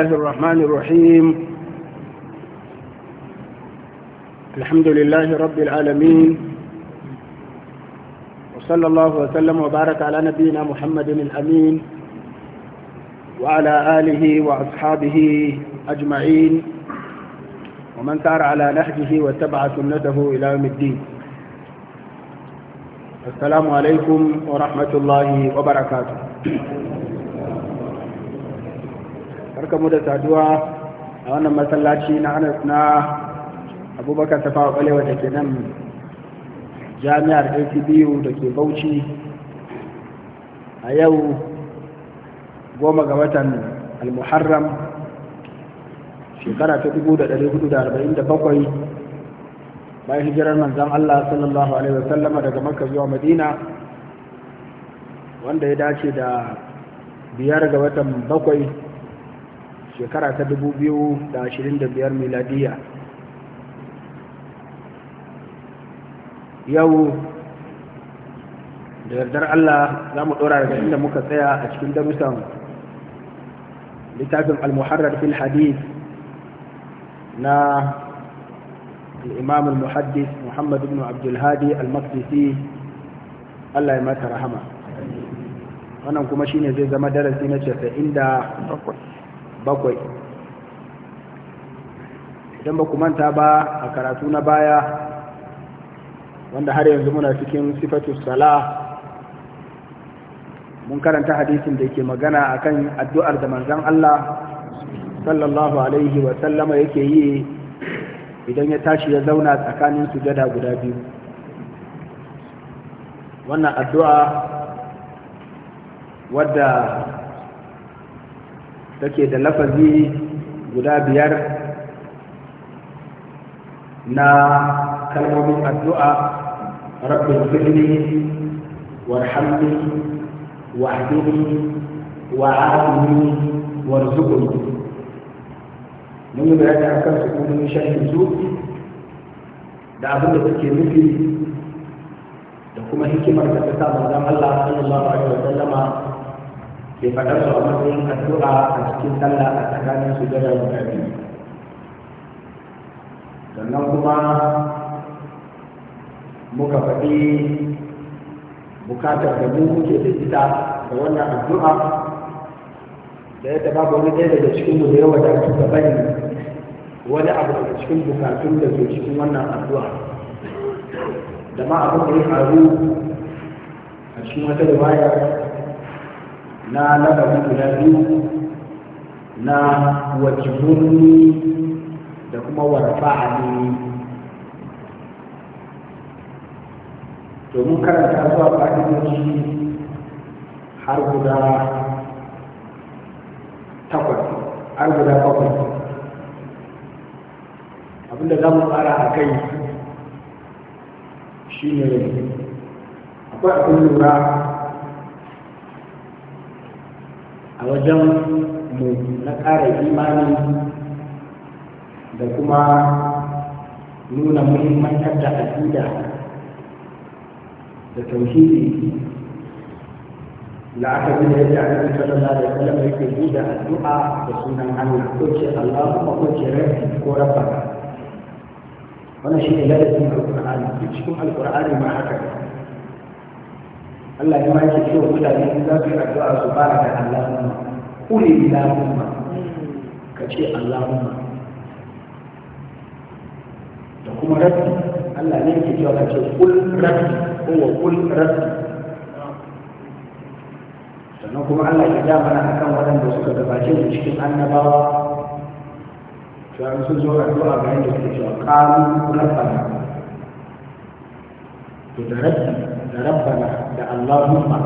الله الرحمن الرحيم الحمد لله رب العالمين وصلى الله وسلم وبارك على نبينا محمد الأمين وعلى آله وأصحابه أجمعين ومن سار على نهجه واتبع سنته إلى يوم الدين السلام عليكم ورحمة الله وبركاته Kamu mu da saduwa a wannan masallaci na anas na abubakar tafawa balewa da ke nan jami'ar acbu da ke bauchi a yau goma ga watan al-muharram shekara ta 1447 bayan hijirar manzan Allah sallallahu Alaihi wasallama daga makka zuwa madina wanda ya dace da biyar ga watan bakwai shekara ta 2025 miladiya yau da yardar Allah za mu ɗora daga inda muka tsaya a cikin darussan littafin al-muharrar fil hadith na الإمام المحدث محمد بن al الهادي المقدسي الله يمسه rahama. wannan kuma shine zai zama darasi na 97 bakwai idan ba ku manta ba a karatu na baya wanda har yanzu muna cikin sifatu sala mun karanta hadisin da ke magana akan addu'ar da manzon Allah sallallahu alaihi wa sallama yake yi idan ya tashi ya zauna tsakanin sujada guda biyu wannan addu'a wadda take da lafazi guda biyar na kalmomin addu'a رب اغفر لي وارحمني واهدني وعافني وارزقني mun bayani a kan su sukunin shahin su da abin da suke nufi da kuma hikimar da ta sa manzon Allah sallallahu alaihi wa sallama ke faɗa su a matsayin addu'a a cikin sallah a tsakanin su da guda sannan kuma muka faɗi bukatar da mu kuke da ita da wannan addu'a da yadda babu wani ɗaya daga cikin mu da yawa da suka bani wani abu daga cikin bukatun da ke cikin wannan addu'a da ma abin da ya faru a cikin wata riwaya na mutu guda biyu na wajibunni da kuma warfa a warfa'ani domin karanta zuwa fa'idoji har guda takwas har guda bakwai abinda za mu tsara a kai shi ne akwai abin lura a wajen mu na ƙara imani da kuma nuna muhimmantar da aƙida da tauhidi la aka bi da yadda annabi sallallahu alaihi wasallam yake da addu'a da sunan Allah ko ce Allah kuma ko ce rabbi ko Rabba wannan shi ne ladabin alqur'ani cikin alqur'ani ma haka Allah ya mace cewa mutane in za su yi addu'a su fara da Allahumma kuli Allahumma ka ce Allahumma da kuma rabbi Allah ne yake cewa ka ce kul rabbi ko wa kul rabbi sannan kuma Allah ya ja mana akan waɗanda suka gabace mu cikin annabawa cewa sun zo addu'a ga yadda suke cewa qalu rabbana to da rabbi da rabbana Allahumma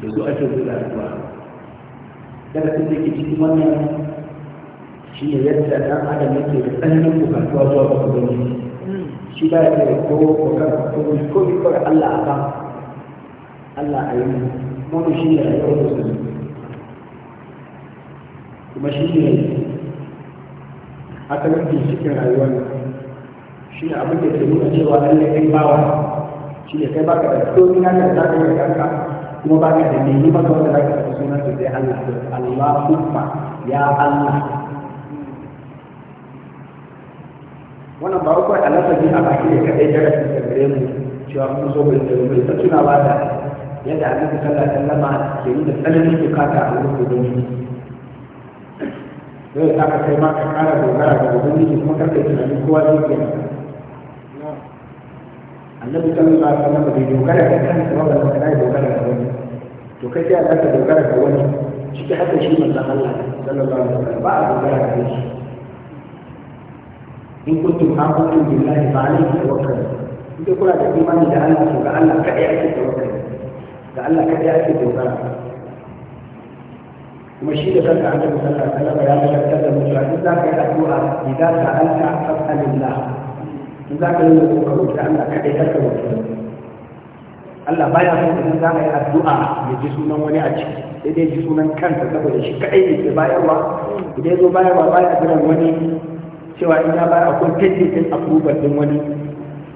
da su ake buɗe addu'a darasin da ke cikin wannan shi ne yadda ɗan adam yake da tsananin bukatuwa zuwa ga ubangiji shi ba ya da ko bukatar ko ko kawai Allah a kan Allah a yi mu shi ne rayuwar musulmi kuma shi ne asalin ginshikin rayuwar shi ne abin da ke nuna cewa lallai kai bawa shi ne kai baka da komi na ka zaka da kanka kuma baka da mai yi maka wanda zaka da sunan su sai Allah Allahumma ya Allah wannan ba kawai alasabi a baki ne kadai darasin da gare mu cewa mun zo bai da mu ta tunawa da yadda annabi sallallahu alaihi wasallam ke yi da tsananin bukata a wurin ubangiji zai sa ka kai ma ka kara dogara ga ubangiji kuma karka yi tunanin kowa zai yi annabi sallallahu alaihi wasallam bai dogara ga kansa ba ba kana dogara ga wani to kai sai aka dogara ga wani ciki haka shi manzon Allah sallallahu alaihi wasallam ba a dogara ga shi in kuntum amantu billahi fa alayhi tawakkalu in dai kuna da imani da Allah to ga Allah kadai ake tawakkali ga Allah kadai ake dogara kuma shi da kanka annabi sallallahu alaihi wasallam ya shakkar da mutuwa in za ka yi addu'a idan ka alka fasalillah in za ka yi da kuma roƙi Allah ka ɗaya ka roƙi Allah baya son idan za ka yi addu'a ya ji sunan wani a ciki sai dai ji sunan kanta saboda shi kaɗai ne ke bayarwa idan ya zo bayarwa baya jiran wani cewa in ya bayar akwai tattalin approval din wani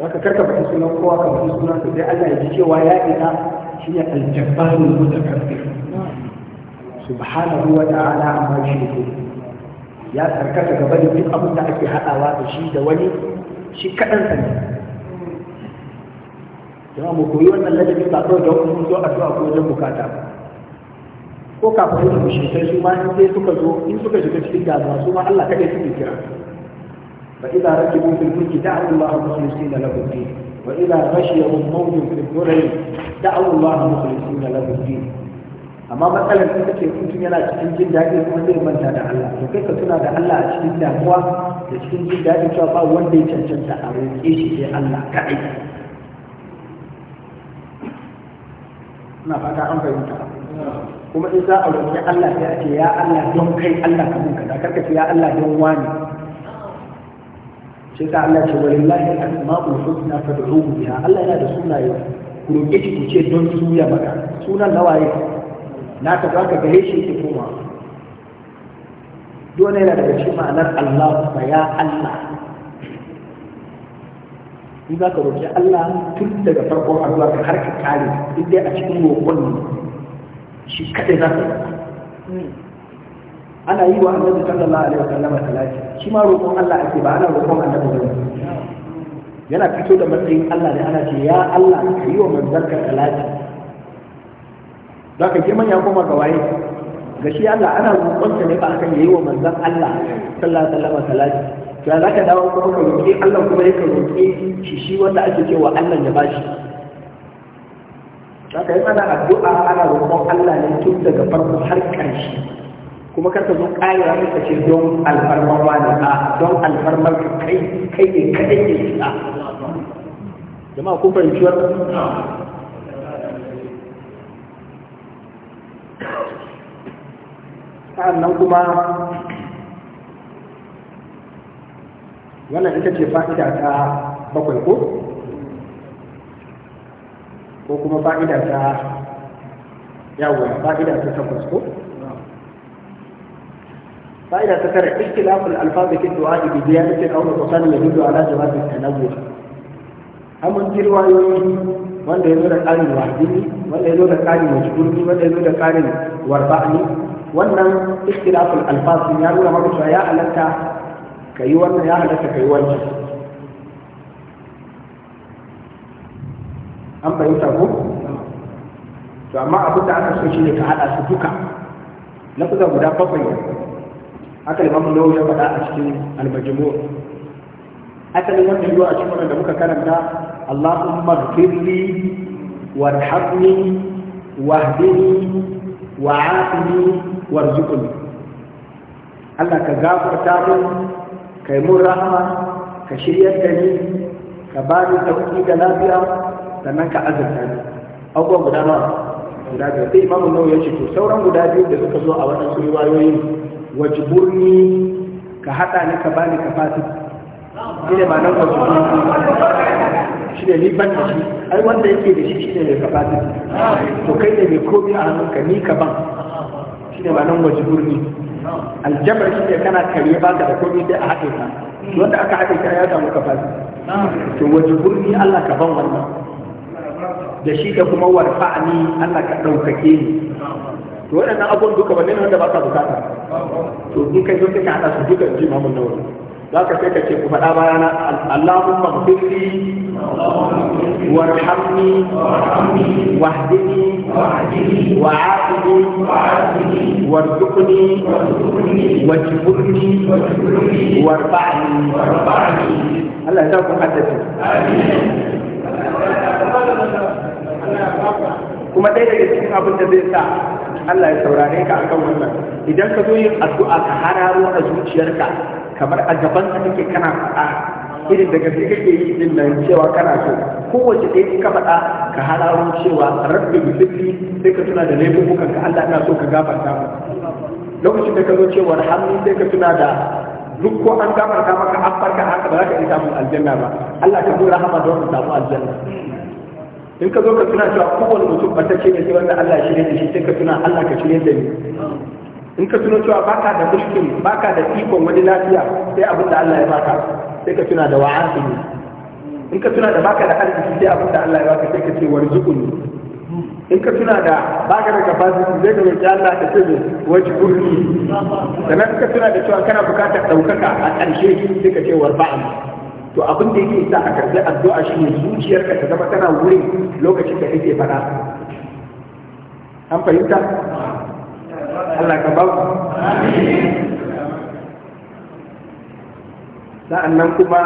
zaka karka faɗi sunan kowa ka faɗi sunan sa sai Allah ya ji cewa ya ina shi ne aljabbaru mutakabbir subhanahu wa ta'ala amma shi ne ya sarkata gaba da duk abin da ake haɗawa da shi da wani shi kaɗan sa ne jama'a mu koyi wannan ladabi ba kawai da wani zo a zuwa wajen bukata ba ko kafin yin mushrikai su ma in sai suka zo in suka shiga cikin damuwa su ma Allah kaɗai suke kira fa idza rakibu fil fulki da'a Allah muslimina lahu din wa idza ghashiyahum mawjun fil dhulali da'a Allah muslimina lahu din amma matsalar ita ce mutum yana cikin jin daɗi kuma zai manta da Allah to kai ka tuna da Allah a cikin damuwa da cikin jin daɗi cewa ba wanda ya cancanta a roƙe shi sai Allah kaɗai ina fata an fahimta kuma in za a roƙi Allah ya ce ya Allah don kai Allah ka mun kaza karka ce ya Allah don wani sai ka Allah ce walillahi al-asma'ul husna fad'uhu biha Allah yana da sunaye ku roƙe shi ku ce don suya maka sunan nawaye na ka za ka gare shi ke koma dole yana daga cikin ma'anar Allah ba ya Allah in za ka roƙi Allah tun daga farkon addu'a ka har ka kare in dai a cikin roƙon ne shi kaɗai za ka ana yi wa annabi sallallahu alaihi wasallam salati shi ma roƙon Allah ake ba ana roƙon annabi ba yana fito da matsayin Allah ne ana ce ya Allah ka yi wa manzarka salati za ka girman ya koma ga waye ga shi Allah ana roƙonsa ne ba kan yayi wa manzon Allah sallallahu alaihi wasallam salati to za ka dawo kuma ka roƙi Allah kuma ya ka shi shi wanda ake cewa Allah ya bashi za ka yi mana addu'a ana roƙon Allah ne tun daga farko har ƙarshe kuma kar ka zo ƙarewa ne ka ce don alfarman wani a don alfarman kai kai ne kaɗai ne a jama'a kun fahimci wannan sa’annan kuma wannan ita ce fa’ida ta bakwai ko? ko kuma fa’ida ta yawon fa’ida ta takwas ko? fa’ida ta tara iske lafin alfazikin duwa ibibi ya nufin auna kusan ya duk duwa lajewa da kanagowa amon jirwayoyi wanda ya zo da ƙarin wajini wanda ya zo da ƙarin wajibirni wanda ya zo da ƙarin warba'ani wannan ikhtilaful alfasin ya nuna maka cewa ya halatta ka wannan ya halatta ka wannan wancan an fahimta ko to amma abu da aka so shi ne ka hada su duka na kusa guda bakwai haka limamu nawo ya faɗa a cikin almajimu asalin wannan yiwa a cikin wannan da muka karanta Allahumma ghfirli warhamni wahdini wa afini warzuqni Allah ka gafarta mun kai mun rahama ka shiryar da ni ka ba ni tauki da lafiya sannan ka azurta ni abubuwan guda nawa guda biyu sai imamu nawa ya ce to sauran guda biyu da suka zo a wannan waɗansu riwayoyin wajiburni ka haɗa ni ka ba ni ka fasi ne ma nan wajburni shi ne ni ban da shi ai wanda yake da shi shi ne mai capacity to kai ne mai komi a hannunka ni ka ban shi ne ba nan waje burni aljabar shi ne kana kare ba ka da komi sai a haɗe ka wanda aka haɗe ka ya samu capacity to waje burni Allah ka ban wannan da shi ka kuma warfa'ani Allah ka ɗaukake ni to waɗannan abubuwan duka ba ne wanda ba sa bukata to in kai zo sai ka haɗa su duka jimamin na wani ذاك سيكا كيف فدا بيانا اللهم اغفر لي وارحمني واهدني وعافني وارزقني واجبرني وارفعني هلا يسامحك حدثي امين kuma ɗaya daga cikin abin da zai sa Allah ya saurare ka akan wannan idan ka zo yin addu'a ka hararo a zuciyarka kamar a gaban ka kake kana faɗa irin daga gaske kake yi din nan cewa kana so kowace ɗaya ka faɗa ka hararo cewa rabbi musulmi sai ka tuna da laifukan ka Allah ina so ka gafarta mu lokacin da ka zo cewa hamdu sai ka tuna da duk ko an gafarta maka an farka haka ba za ka iya samun aljanna ba Allah ka zo rahama don ka samu aljanna in ka zo ka tuna cewa kowane mutum ba ta ce ne sai wanda Allah shi ne shi sai ka tuna Allah ka shirye da ni in ka tuna cewa baka da mulkin baka da ikon wani lafiya sai abin da Allah ya baka sai ka tuna da wa'azi in ka tuna da baka da arziki sai abin da Allah ya baka sai ka ce warzuquni in ka tuna da baka da capacity zai ga roƙi Allah ta ce waje Da na ka tuna da cewa kana bukatar daukaka a ƙarshe sai ka ce warba'a to abin da yake sa a karbi addu'a shi ne zuciyarka ta zama tana wurin lokacin da kake fara. an fahimta Allah ka ba ku sa'annan kuma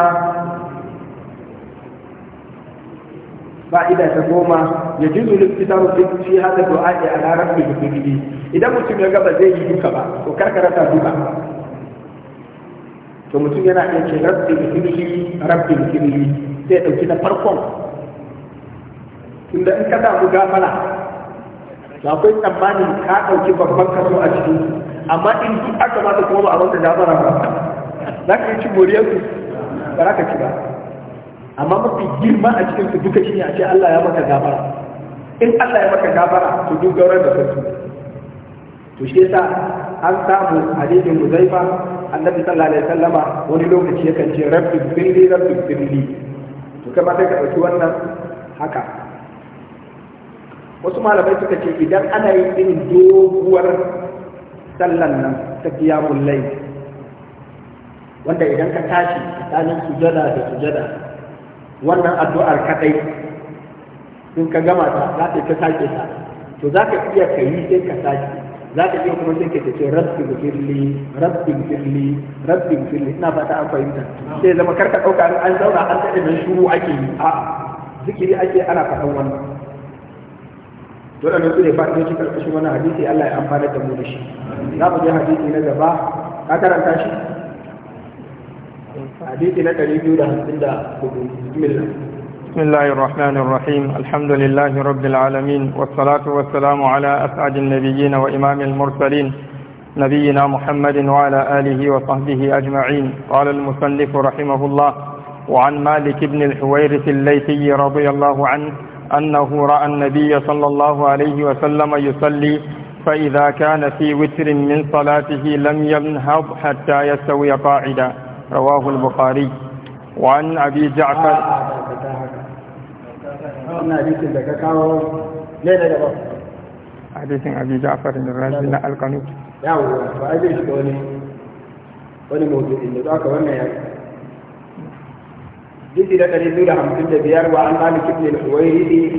fa'ida ta goma ya ji zulun fitaru fi hada du'a a larar da idan mutum ya gaba zai yi duka ba to karkara ta duka to mutum yana iya ce rabbi kirli rabbi kirli sai dauki na farkon tunda in ka mu gafara to akwai tsammanin ka dauki babban kaso a cikin, amma in duk aka ma da kuma ba a wanda gafara ba za ka yi cin moriyar su ba za ka ci ba amma mafi girma a cikin su duka shi ne a ce Allah ya maka gafara in Allah ya maka gafara to duk gauran da sarki to shi yasa an samu hadisin Muzaifa annabi sallallahu alaihi wasallama wani lokaci yakan ce rabbi birni rabbi birni to kai ma sai ka dauki wannan haka wasu malamai suka ce idan ana yin irin doguwar sallan nan ta qiyamul layl wanda idan ka tashi tsakanin sujada da sujada wannan addu'ar kadai in ka gama ta za ta sake ta to za ka iya ka yi sai ka sake za ka iya kuma sai ta ce rabbi gfirli rabbi gfirli rabbi gfirli ina fata an fahimta sai zama karka dauka an zauna an dade nan shuru ake yi a zikiri ake ana faɗan wannan waɗannan su ne cikin kashi wannan hadisi Allah ya amfana da mu da shi za mu je hadisi na gaba ka karanta shi hadisi na ɗari biyu da da bismillah بسم الله الرحمن الرحيم الحمد لله رب العالمين والصلاة والسلام على أسعد النبيين وإمام المرسلين نبينا محمد وعلى آله وصحبه أجمعين قال المصنف رحمه الله وعن مالك بن الحويرث الليثي رضي الله عنه أنه رأى النبي صلى الله عليه وسلم يصلي فإذا كان في وتر من صلاته لم ينهض حتى يستوي قاعدا رواه البخاري وعن أبي جعفر آه. wannan hadisin da ka kawo ne da ba hadisin abi ja'far bin razi na alqanut yawo ba ai shi da wani wani mawdu'i da aka wannan ya Jiki da ɗari biyu da hamsin da biyar wa an Malik ibn al-Huwairi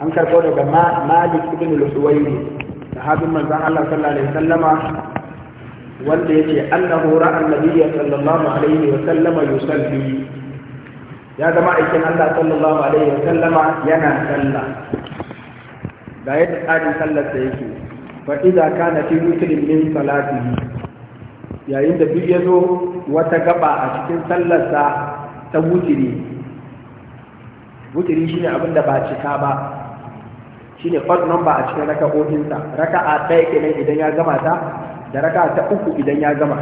an karɓo daga Malik ibn al Da sahabin manzon Allah sallallahu alaihi wasallama wanda ce annahu ra'a an-nabiyya sallallahu alaihi wa wasallama yusalli ya zama aikin Allah sallallahu alaihi wa sallama yana sallah ga yadda tsarin sallar sa yake fa idza kana fi witrin min salatihi yayin da duk yazo wata gaba a cikin sallar sa ta wutiri wutiri shine abin da ba cika ba shine part number a cikin raka'o'in sa raka'a ɗaya kenan idan ya gama ta da raka'a ta uku idan ya gama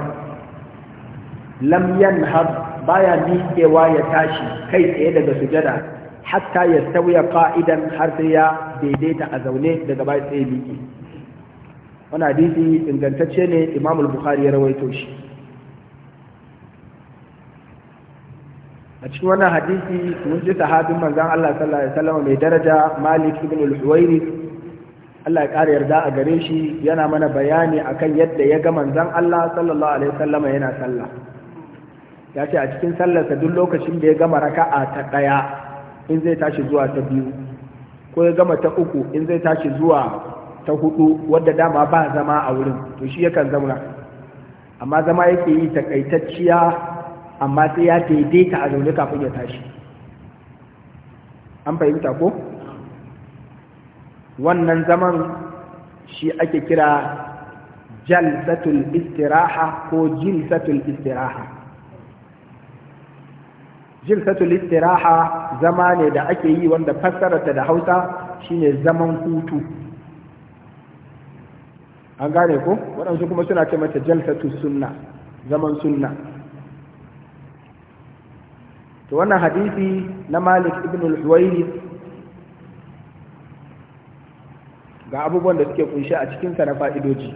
lam yanhab baya miƙewa ya tashi kai tsaye daga sujada hatta ya sauya ka'idan har sai ya daidaita a zaune daga baya tsaye miƙe wani hadisi ingantacce ne imam bukhari ya rawaito shi a cikin wannan hadisi mun ji sahabin manzon Allah sallallahu alaihi wasallam mai daraja Malik ibn al-Huwairi Allah ya ƙara yarda a gare shi yana mana bayani akan yadda ya ga manzon Allah sallallahu alaihi wasallam yana sallah ya ce a cikin sallarsa duk lokacin da ya gama raka'a ta ɗaya in zai tashi zuwa ta biyu ko ya gama ta uku in zai tashi zuwa ta hudu wadda dama ba zama a wurin to shi yakan zauna amma zama yake yi takaitacciya amma sai ya daidaita a zaune kafin ya tashi an fahimta ko wannan zaman shi ake kira jalsatul istiraha ko jilsatul istiraha jilsatul istiraha zama ne da ake yi wanda fassararta da hausa shine zaman hutu an gane ko waɗansu kuma suna ce mata jalsatu sunna zaman sunna to wannan hadisi na malik ibn al-huwairi ga abubuwan da suke kunshi a cikin sa na fa'idoji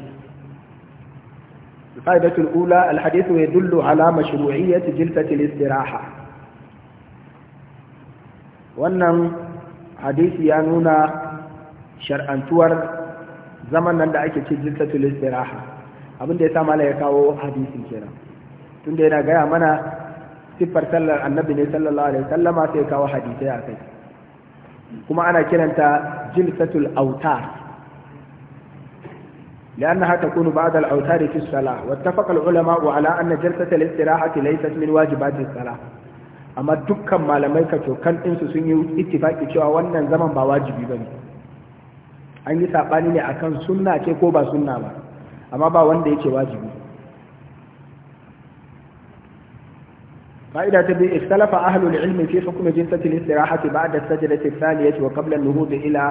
الفائدة ula الحديث يدل على مشروعية جلسة الاستراحة wannan hadisi ya nuna shar'antuwar zaman nan da ake ce jilsatul istiraha abin da ya sa mala ya kawo hadisin kenan tunda yana gaya mana siffar sallar annabi ne sallallahu alaihi sallama sai ya kawo hadisai akai. kuma ana kiranta jilsatul autar لأنها تكون بعد الأوتار في الصلاة واتفق العلماء على أن جلسة الاستراحة ليست من واجبات الصلاة amma dukkan malamai kacokan ɗinsu sun yi ittifaki cewa wannan zaman ba wajibi ba ne an yi saɓani ne a kan suna ce ko ba suna ba amma ba wanda yake wajibi فإذا تبي اختلف أهل العلم في حكم جلسة الاستراحة بعد السجدة الثانية وقبل النهوض إلى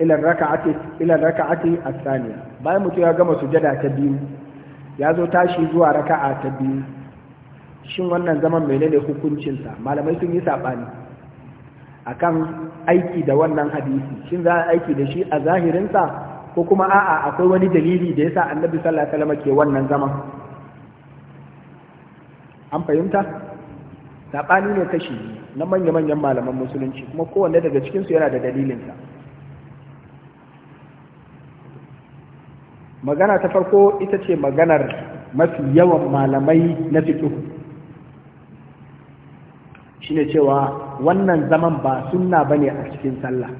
إلى الركعة إلى الركعة الثانية. باي متي يا جماعة سجدة تبي يا زو تاشي زو ركعة تبي shin wannan zaman menene hukuncinsa malamai sun yi saɓani A kan aiki da wannan hadisi shin za a aiki da shi a zahirinsa ko kuma a'a akwai wani dalili da ya sa annabi sallallahu alaihi wasallam ke wannan zaman an fahimta saɓani ne kashi na manya-manyan malaman musulunci kuma kowanne daga cikinsu yana da dalilinsa magana ta farko ita ce maganar mafi yawan malamai na fiƙihu shine cewa wannan zaman ba sunna bane a cikin sallah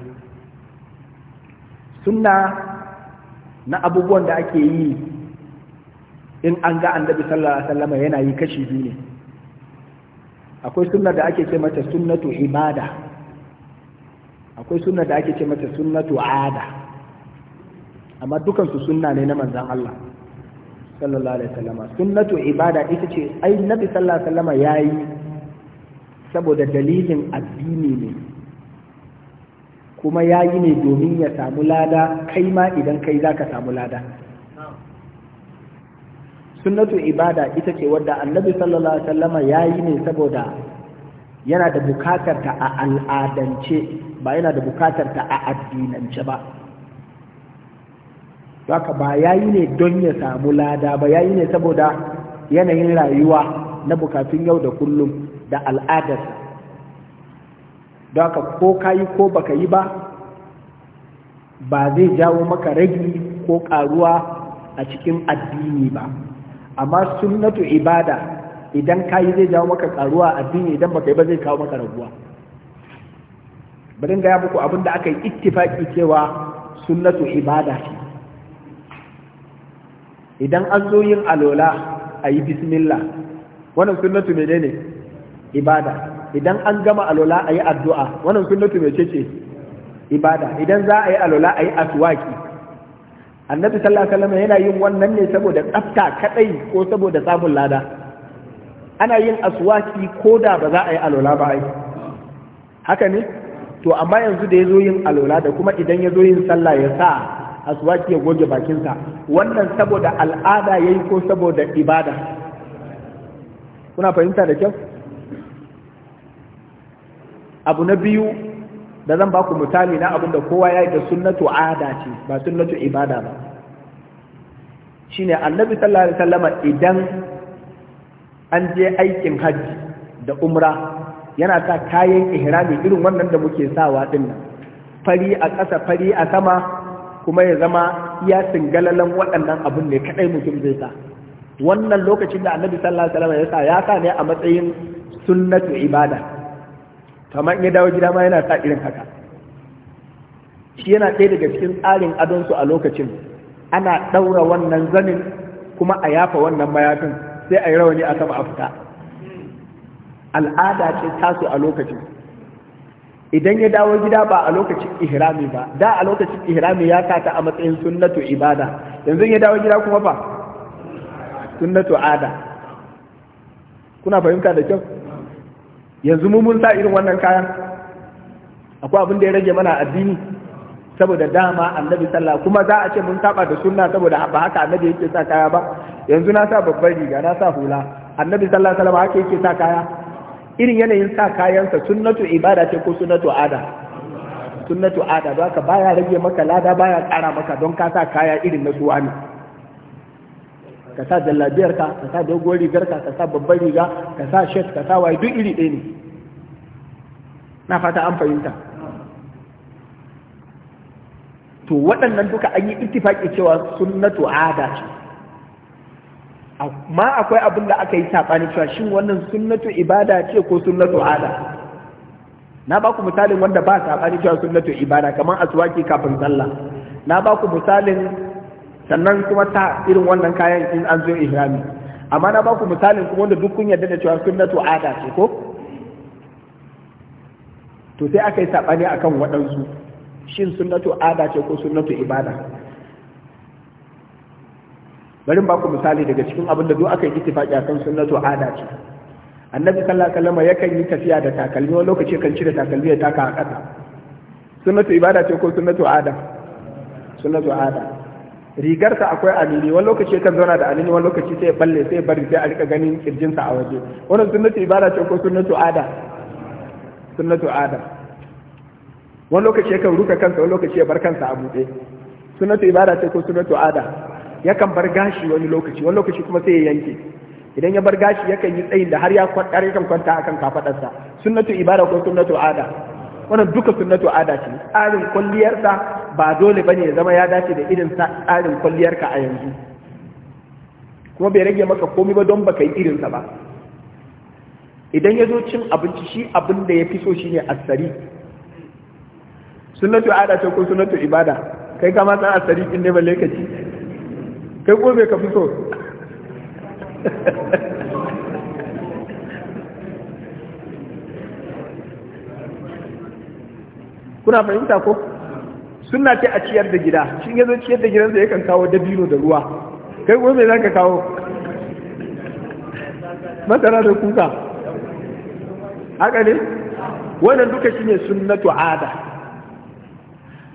sunna na abubuwan da ake yi in an ga annabi sallallahu alaihi wasallam yana yi kashi biyu ne akwai sunna da ake ce mata sunnatu ibada akwai sunna da ake ce mata sunnatu ada amma dukan su sunna ne na manzan Allah sallallahu alaihi wasallam sunnatu ibada ita ce ai nabi sallallahu alaihi wasallam yayi saboda dalilin addini ne kuma ya yi ne domin ya samu lada kai ma idan kai za ka samu lada sunnatu ibada ita ce wadda annabi sallallahu alaihi wasallama ya yi ne saboda yana da bukatar ta a al'adance ba yana da bukatar ta a addinance ba haka ba ya yi ne don ya samu lada ba ya yi ne saboda yanayin rayuwa na bukatun yau da kullum da al'adarsa don ko ka yi ko baka yi ba ba zai jawo maka ragi ko karuwa a cikin addini ba amma sunnatu ibada idan ka yi zai jawo maka karuwa a addini idan baka yi ba zai kawo maka raguwa bari gaya muku abin da aka yi ittifaki cewa sunnatu ibada ce idan an zo yin alola a yi bismillah wannan sunnatu menene ne ibada idan an gama alola a yi addu'a wannan sunnatu mai cece ibada idan za a yi alola a yi aswaki annabi sallallahu alaihi yana yin wannan ne saboda tsafta kadai ko saboda samun lada ana yin asuwaki ko da ba za a yi alola ba ai haka ne to amma yanzu da ya zo yin alola da kuma idan ya zo yin sallah ya sa asuwaki ya goge bakinsa wannan saboda al'ada yayi ko saboda ibada kuna fahimta da kyau abu na biyu da zan ba ku misali na abinda kowa ya yi da sunnatu ada ce ba sunnatu ibada ba shine annabi sallallahu alaihi wasallama idan an je aikin hajji da umra yana sa kayan ihrami irin wannan da muke sawa din nan fari a ƙasa fari a sama kuma ya zama iya singalalan waɗannan abun ne kaɗai mutum zai sa wannan lokacin da annabi sallallahu alaihi wasallama ya sa ya sa ne a matsayin sunnatu ibada kamar in ya dawo gida ma yana sa irin haka shi yana ɗaya daga cikin tsarin adonsu a lokacin ana ɗaura wannan zanin kuma a yafa wannan mayafin sai a yi rawani a sama a fita al'ada ce tasu a lokacin idan ya dawo gida ba a lokacin ihrami ba da a lokacin ihrami ya sa ta a matsayin sunnatu ibada yanzu ya dawo gida kuma fa sunnatu ada kuna fahimta da kyau yanzu mu mun sa irin wannan kayan akwai abin da ya rage mana addini saboda dama annabi sallah kuma za a ce mun saba da sunna saboda ba haka annabi yake sa kaya ba yanzu na sa babbar riga na sa hula annabi sallallahu alaihi wasallam haka yake sa kaya irin yanayin sa kayansa sunnatu ibada ce ko sunnatu ada sunnatu ada don haka baya rage maka lada baya kara maka don ka sa kaya irin na suwa ne ka sa jallabiyar ka ka sa dogon rigar ka ka sa babban riga ka sa shirt ka sa waye duk iri ɗaya ne na fata an fahimta to waɗannan duka an yi ittifaki cewa sunnatu ada ce amma akwai abin da aka yi saɓani cewa shin wannan sunnatu ibada ce ko sunnatu ada na ba ku misalin wanda ba saɓani cewa sunnatu ibada kamar aswaki kafin sallah na ba ku misalin sannan kuma ta irin wannan kayan in an zo ihrami amma na baku misalin kuma wanda duk kun yarda da cewa sunnatu ada ce ko to sai aka yi sabani akan waɗansu shin sunnatu ada ce ko sunnatu ibada bari baku misali daga cikin abin da duk aka yi ittifaqi akan sunnatu ada ce annabi sallallahu alaihi wasallam yakan yi tafiya da takalmi wani lokaci kan cire takalmi ya taka a ƙasa sunnatu ibada ce ko sunnatu ada sunnatu ada rigarsa akwai alini wani lokaci kan zauna da alini wani lokaci sai ya balle sai ya bari sai a rika ganin kirjinsa a waje wannan sunnatu ibada ce ko sunnatu ada sunnatu ada wani lokaci yakan ruka kansa wani lokaci ya bar kansa a buɗe sunnatu ibada ce ko sunnatu ada yakan bar gashi wani lokaci wani lokaci kuma sai ya yanke idan ya bar gashi yakan yi tsayin da har ya kwatar yakan kwanta akan kafadarsa sunnatu ibada ko sunnatu ada wannan duka sunnatu ada ce tsarin kulliyarsa ba dole bane ya zama ya dace da irin tsarin kwalliyarka a yanzu kuma bai rage maka komai ba don baka yi irinsa ba idan ya zo cin abinci shi abin da ya fi so shine asari sunnatu ada ce ko sunnatu ibada kai kama san asari din ne ba ka kai ko bai ka fi so kuna fahimta ko sunna ce a ciyar da gida shi ya zo ciyar da gidan zai kan kawo dabino da ruwa kai kuma me zaka kawo masara da kuka haka ne wannan duka shine sunnatu ada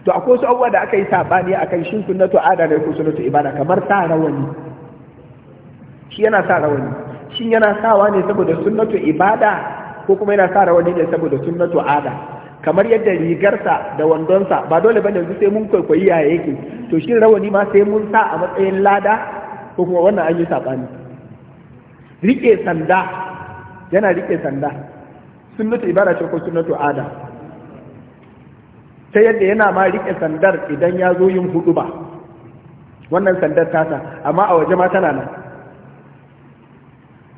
to akwai wasu abubuwa da aka yi sabani akan shi sunnatu ada ne ko sunnatu ibada kamar sa rawani shi yana sa rawani shin yana sawa ne saboda sunnatu ibada ko kuma yana sa rawani ne saboda sunnatu ada kamar yadda rigarsa da wandonsa ba dole bane yanzu sai mun kwaikwayi yaya yake to shi rawani ma sai mun sa a matsayin lada ko kuma wannan an yi saɓani rike sanda yana rike sanda sunnatu ibada ce ko sunnatu ada ta yadda yana ma rike sandar idan ya zo yin hudu ba wannan sandar tasa amma a waje ma tana nan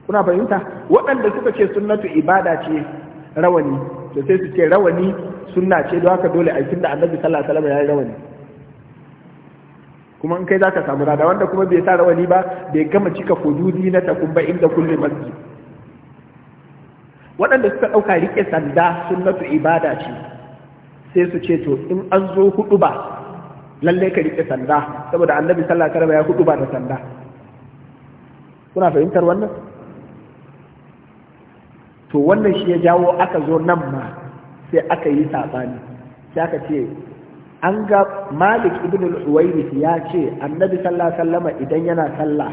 kuna fahimta waɗanda suka ce sunnatu ibada ce rawani da sai su ce rawani sunna ce don haka dole aikin da annabi sallallahu alaihi wasallam ya yi rawani kuma in kai zaka samu rada wanda kuma bai sa rawani ba bai gama cika fududi na takun inda kulli masjid waɗanda suka ɗauka riƙe sanda sunnatu ibada ce sai su ce to in an zo hudu ba lallai ka rike sanda saboda annabi sallallahu alaihi wasallam ya hudu ba da sanda kuna fahimtar wannan to wannan shi ya jawo aka zo nan ma sai aka yi sabani sai aka ce an ga malik ibn al-huwairis ya ce annabi sallallahu alaihi wasallam idan yana sallah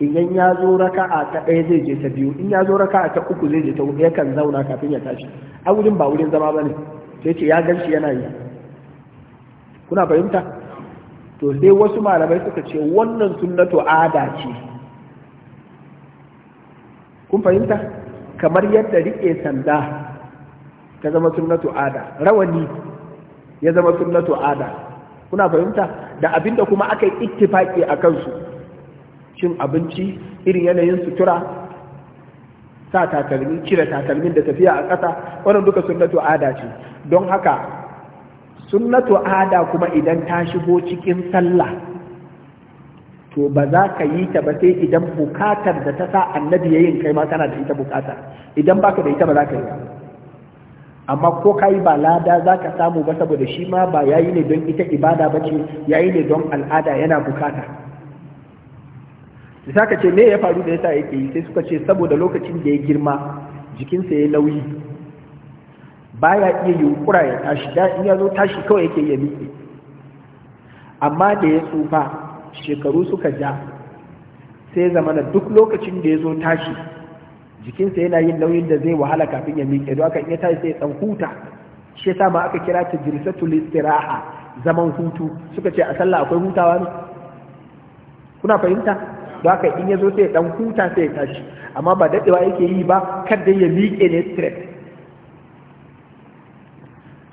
idan ya zo raka'a ta ɗaya zai je ta biyu in ya zo raka'a ta uku zai je ta huɗu yakan zauna kafin ya tashi a wurin ba wurin zama bane sai ce ya ganshi yana yi kuna fahimta to sai wasu malamai suka ce wannan sunnatu ada ce kun fahimta kamar yadda riƙe sanda ta zama sunnatu ada rawani ya zama sunnatu ada kuna fahimta da abinda kuma aka yi ittifaki a kansu cin abinci irin yanayin sutura sa takalmi cire takalmin da tafiya a ƙasa wannan duka sunnatu ada ce don haka sunnatu ada kuma idan ta shigo cikin sallah to ba za ka yi ta ba sai idan bukatar da ta sa annabi ya yin kai ma kana da ita bukata idan ba ka da ita ba za ka yi ba amma ko ka yi ba lada za ka samu ba saboda shi ma ba ya yi ne don ita ibada ba ce ya yi ne don al'ada yana bukata da ka ce me ya faru da yasa yake yi sai suka ce saboda lokacin da ya girma jikinsa ya lauyi. baya iya yunkura ya tashi da in ya zo tashi kawai yake ya miƙe amma da ya tsufa shekaru suka ja sai zama na duk lokacin da ya zo tashi jikinsa yana yin nauyin da zai wahala kafin ya miƙe don aka iya tashi sai ya huta shi ya ma aka kira ta jirsatul istiraha zaman hutu suka ce a sallah akwai hutawa ne kuna fahimta don aka in ya zo sai ɗan huta sai ya tashi amma ba daɗewa yake yi ba kada ya miƙe ne stress,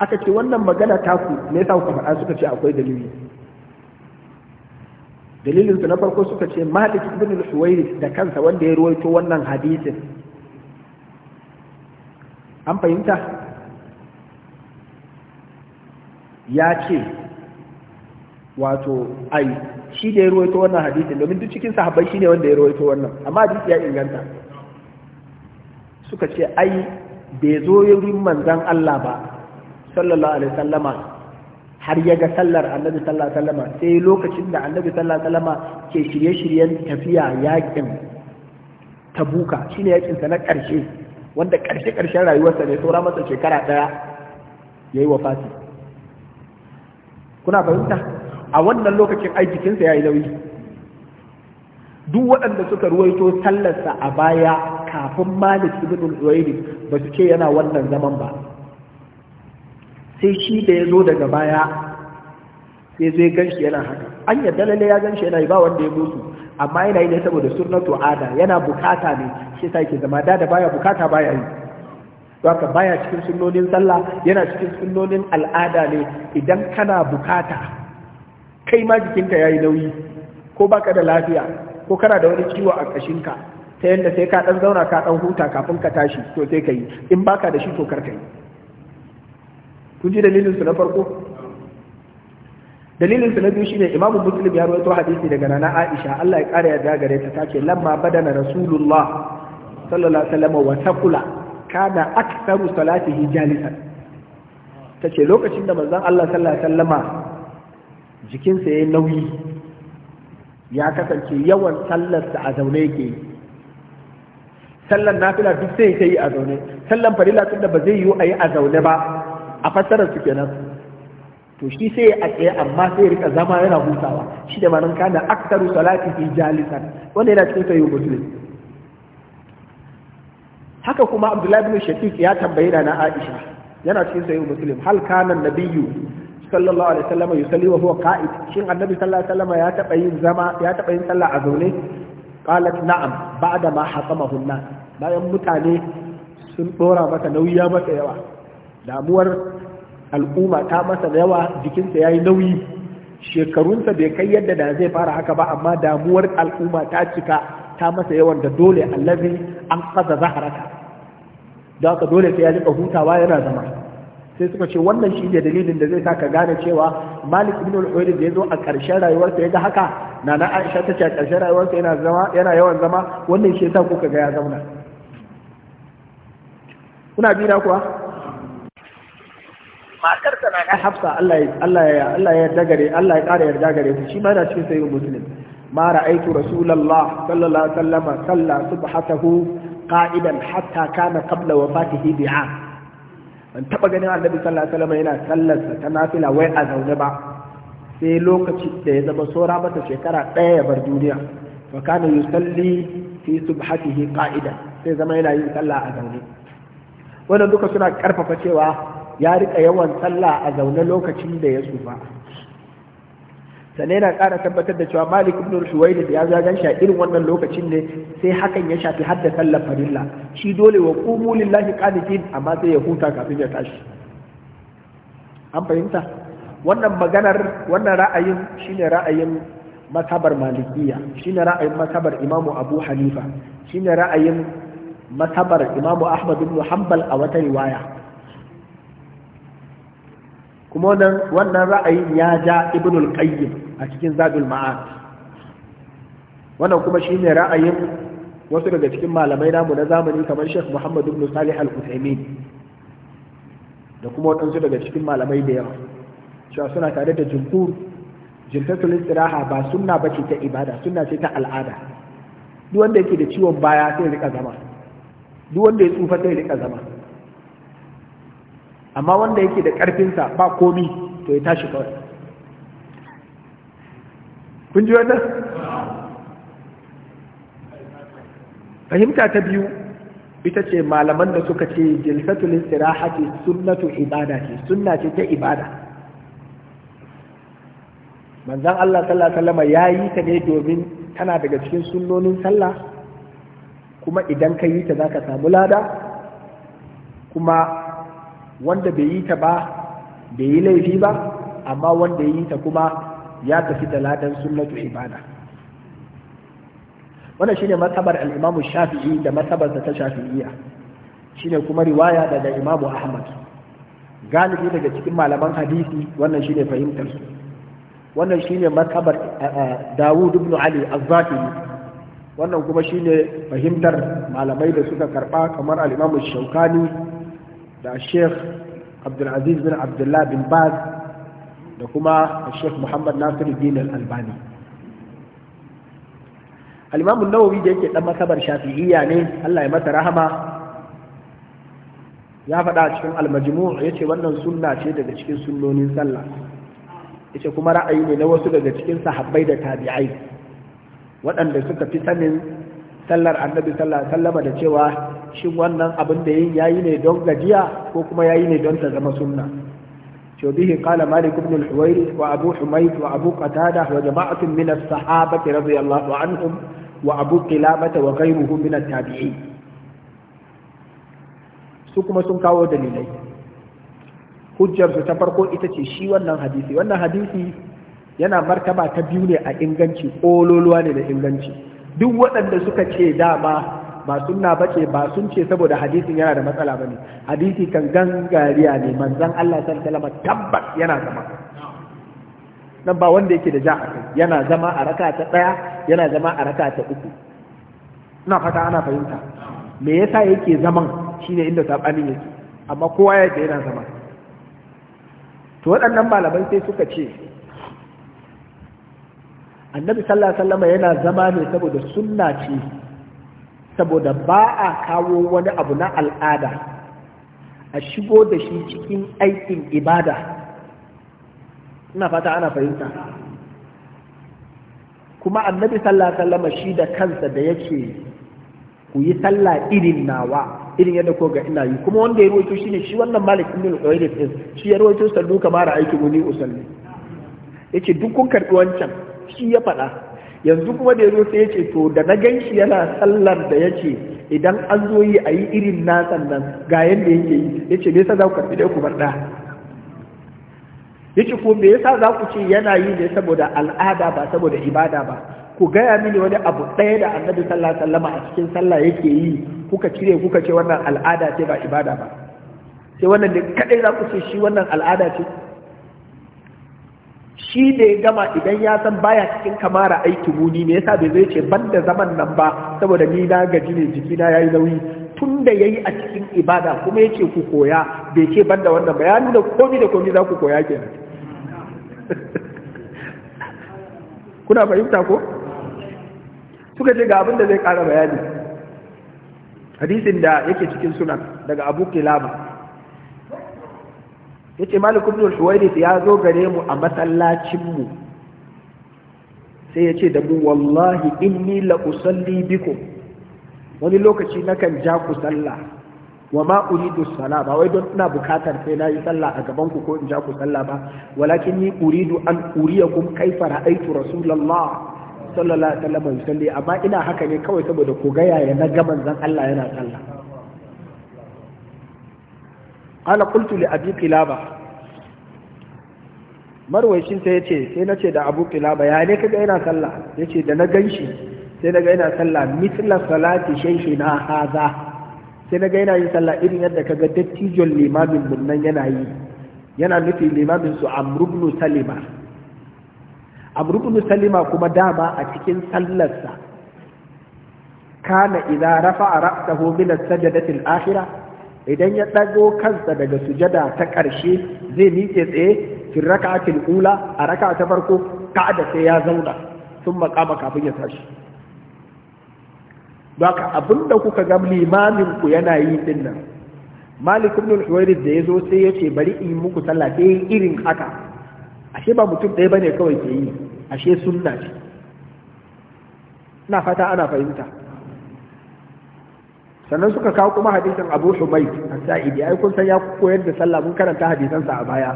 aka ce wannan magana taku me yasa kuka faɗa suka ce akwai dalili dalilinsu na farko suka ce malik ibn al-huwairi da kansa wanda ya ruwaito wannan hadisin an fahimta ya ce wato ai shi da ya ruwaito wannan hadisin domin duk cikin sahabbai shine wanda ya ruwaito wannan amma hadisi ya inganta suka ce ai bai zo yin manzan Allah ba sallallahu alaihi sallama har ya ga sallar annabi sallallahu alaihi wasallam sai lokacin da annabi sallallahu alaihi wasallam ke shirye-shiryen tafiya yakin tabuka shine yakin sa na karshe wanda karshe karshen rayuwarsa ne saura masa shekara daya yayi wafati kuna fahimta a wannan lokacin ai jikinsa yayi nauyi duk waɗanda suka ruwaito sallarsa a baya kafin Malik ibn Uwayd ba su ce yana wannan zaman ba sai shi da ya zo daga baya sai zai gan shi yana haka an yadda lalle ya gan shi yana ba wanda ya mutu amma yana yi ne saboda suna ada yana bukata ne shi sa ke zama da da baya bukata baya yi haka baya cikin sunnonin sallah yana cikin sunnonin al'ada ne idan kana bukata kai ma jikinka yayi nauyi ko ba ka da lafiya ko kana da wani ciwo a kashinka ta yadda sai ka ɗan zauna ka ɗan huta kafin ka tashi to sai ka yi in ba ka da shi to kar ka yi kun ji dalilinsu na farko dalilin su na biyu shine Imam Muslim ya rawaito hadisi daga Nana Aisha Allah ya kare yarda gare ta tace lamma badana Rasulullah sallallahu alaihi wasallam wa taqula kana aktsaru salatihi jalisan tace lokacin da manzon Allah sallallahu alaihi wasallama jikinsa yayi nauyi ya kasance yawan sallarsa a zaune yake sallan nafila duk sai ta yi a zaune sallan farila tunda ba zai yi a yi a zaune ba a fassarar su kenan to shi sai a tsaye amma sai ya rika zama yana hutawa shi da manin kana aktaru salati fi jalisan wanda yana cikin sayyid muslim haka kuma abdullahi bin shafiq ya tambayi na aisha yana cikin sayyid muslim hal kana nabiyyu sallallahu alaihi wasallam yusalli wa huwa qa'id shin annabi sallallahu alaihi wasallam ya taba yin zama ya taba yin sallah a zaune qalat na'am ba'da ma hasamahu an-nas bayan mutane sun dora maka nauyi ya masa yawa damuwar al'umma ta masa yawa jikinsa ya yi nauyi shekarunsa bai kai yadda da zai fara haka ba amma damuwar al'umma ta cika ta masa yawan da dole allazi an kaza zaharata da haka dole sai ya rika hutawa yana zama sai suka ce wannan shi ne dalilin da zai sa gane cewa malik ibn al da ya zo a ƙarshen rayuwarsa ya ga haka nana aisha ta ce a ƙarshen rayuwarsa yana yawan zama wannan shi ya sa kuka ga ya zauna kuna bi na kuwa matar sana na hafsa Allah ya Allah ya dagare Allah ya ƙara yarda gare ku shi ma yana cikin sayyid muslim ma ra'aytu rasulullah sallallahu alaihi wasallam salla subhatahu qa'idan hatta kana qabla wafatihi bi'a an taba ganin annabi sallallahu alaihi wasallam yana sallar sa ta nafila wai a zaune ba sai lokaci da ya zama sora mata shekara ɗaya ya bar duniya fa kana yusalli fi subhatihi qa'idan sai zama yana yin sallah a zaune wannan duka suna karfafa cewa ya rika yawan sallah a zaune lokacin da ya tsufa sannan yana ƙara tabbatar da cewa malik ibn rushwayd ya zagan shi a irin wannan lokacin ne sai hakan ya shafi hadda sallar farilla shi dole wa qumu lillahi qanitin amma sai ya huta kafin ya tashi an fahimta wannan maganar wannan ra'ayin shine ra'ayin masabar malikiya shine ra'ayin masabar imamu abu hanifa shine ra'ayin masabar imamu ahmad ibn a wata riwaya kuma wannan ra'ayin ya ja ibnul qayyim a cikin zadul ma'ad wannan kuma shine ra'ayin wasu daga cikin malamai namu na zamani kamar Sheikh Muhammad ibn Salih al-Uthaymeen da kuma waɗansu daga cikin malamai da yawa cewa suna tare da jumhur jintatul istiraha ba sunna bace ta ibada sunna ce ta al'ada duk wanda yake da ciwon baya sai rika zama duk wanda ya tsufa sai rika zama amma wanda yake da ƙarfinsa ba komi to ya tashi kawai kun ji wannan fahimta ta biyu ita ce malaman da suka ce jilsatul istiraha ce sunnatu ibada ce sunna ce ta ibada manzon Allah sallallahu alaihi wasallam yayi ta ne domin tana daga cikin sunnonin sallah kuma idan ka yi ta zaka samu lada kuma wanda bai yi ta ba bai yi laifi ba amma wanda ya yi ta kuma ya tafi da ladan sunnatu ibada wannan shine matsabar al-Imam Shafi'i da matsabar ta Shafi'iyya shine kuma riwaya daga Imam Ahmad galibi daga cikin malaman hadisi wannan shine fahimtar su wannan shine matsabar eh, eh, Dawud ibn Ali az-Zakiri wannan kuma shine fahimtar malamai da suka karba kamar al-Imam Shawkani da sheikh abdulaziz bin abdullah bin baz da kuma sheikh muhammad nasiruddin al-albani al-imam nawawi da yake dan masabar shafi'iyya ne Allah ya mata rahama ya faɗa cikin al-majmu' yace wannan sunna ce daga cikin sunnonin sallah ce kuma ra'ayi ne na wasu daga cikin sahabbai da tabi'ai waɗanda suka fi sanin sallar annabi sallallahu da cewa shin wannan abin da yin yayi ne don gajiya ko kuma yayi ne don ta zama sunna to bihi kala malik ibn al-huwayri wa abu humayt wa abu qatada wa jama'atun min as-sahabati radiyallahu anhum wa abu qilabata wa ghayruhum min at-tabi'in su kuma sun kawo dalilai hujjar su ta farko ita ce shi wannan hadisi wannan hadisi yana martaba ta biyu ne a inganci ƙololuwa ne da inganci duk waɗanda suka ce dama ba sunna bace ba sun ce saboda hadisin yana da matsala bane hadisi kan gangariya ne manzon Allah sallallahu alaihi wasallam tabbas yana zama nan ba wanda yake da ja a kai yana zama a raka ta daya yana zama a raka ta uku ina fata ana fahimta me yasa yake zaman shine inda sabanin yake amma kowa ya yake yana zama to waɗannan malaman sai suka ce annabi sallallahu alaihi wasallam yana zama ne saboda sunna ce saboda ba a kawo wani abu na al'ada a shigo da shi cikin aikin ibada ina fata ana fahimta kuma annabi sallallahu alaihi shi da kansa da yake ku yi sallah irin nawa irin yadda ko ga ina yi kuma wanda ya ruwaito shine shi wannan malik ibn al-qawaid din shi ya ruwaito sallu kamar aiki guni usalli yace duk kun karbi wancan shi ya faɗa yanzu kuma da yazo sai yace to da na ganshi yana sallar da yace idan an zo yi a yi irin na sannan ga yadda yake yi yace me yasa za ku karbi da ku bar Ya yace ko me yasa za ku ce yana yi ne saboda al'ada ba saboda ibada ba ku gaya mini wani abu ɗaya da annabi sallallahu alaihi wasallam a cikin sallah yake yi kuka cire kuka ce wannan al'ada ce ba ibada ba sai wannan ne kadai za ku ce shi wannan al'ada ce shi ne gama idan ya san baya cikin kamara aiki muni me yasa bai zai ce ban da zaman nan ba saboda ni na gaji ne jiki na yayi nauyi tun da ya a cikin ibada kuma ya ku koya bai ce ban da wannan ba ya nuna da komi za ku koya kenan kuna fahimta ko suka ce ga abin da zai kara bayani hadisin da yake cikin sunan daga abu kilama yace malik ibn ya zo gare mu a masallacin mu sai yace da mu wallahi inni la usalli bikum wani lokaci nakan ja ku sallah wa ma uridu sallah ba wai don ina bukatar sai na yi sallah a gaban ku ko in ja ku sallah ba walakin ni uridu an uriyakum kaifa kai rasulullah sallallahu alaihi wasallam yusalli amma ina haka ne kawai saboda ku ga yaya na ga manzon Allah yana sallah ala qultu li abi qilaba marwayacin ta ce, sai ce da abu qilaba ya ne kaga yana sallah ce da na shi sai naga yana sallah mithla salati na haza. sai naga yana yin sallah irin yadda kaga dattijon limamin mun yana yi yana nufi limamin su amr salima amr salima kuma dama a cikin sallarsa kana idza rafa'a ra'sahu min as-sajdati al-akhirah idan ya ɗago kansa daga sujada ta ƙarshe zai miƙe tsaye fi raka'atul ula a raka ta farko da sai ya zauna sun makama kafin ya tashi Baka abinda kuka ga limamin ku yana yi din nan Malik ibn al-Huwairid da yazo sai ce bari in muku sallah irin haka ashe ba mutum ɗaya bane kawai ke yi ashe sunna ce ina fata ana fahimta sannan suka kawo kuma hadisin abu shumai a saidi ai kun san ya koyar da sallah mun karanta hadisansa a baya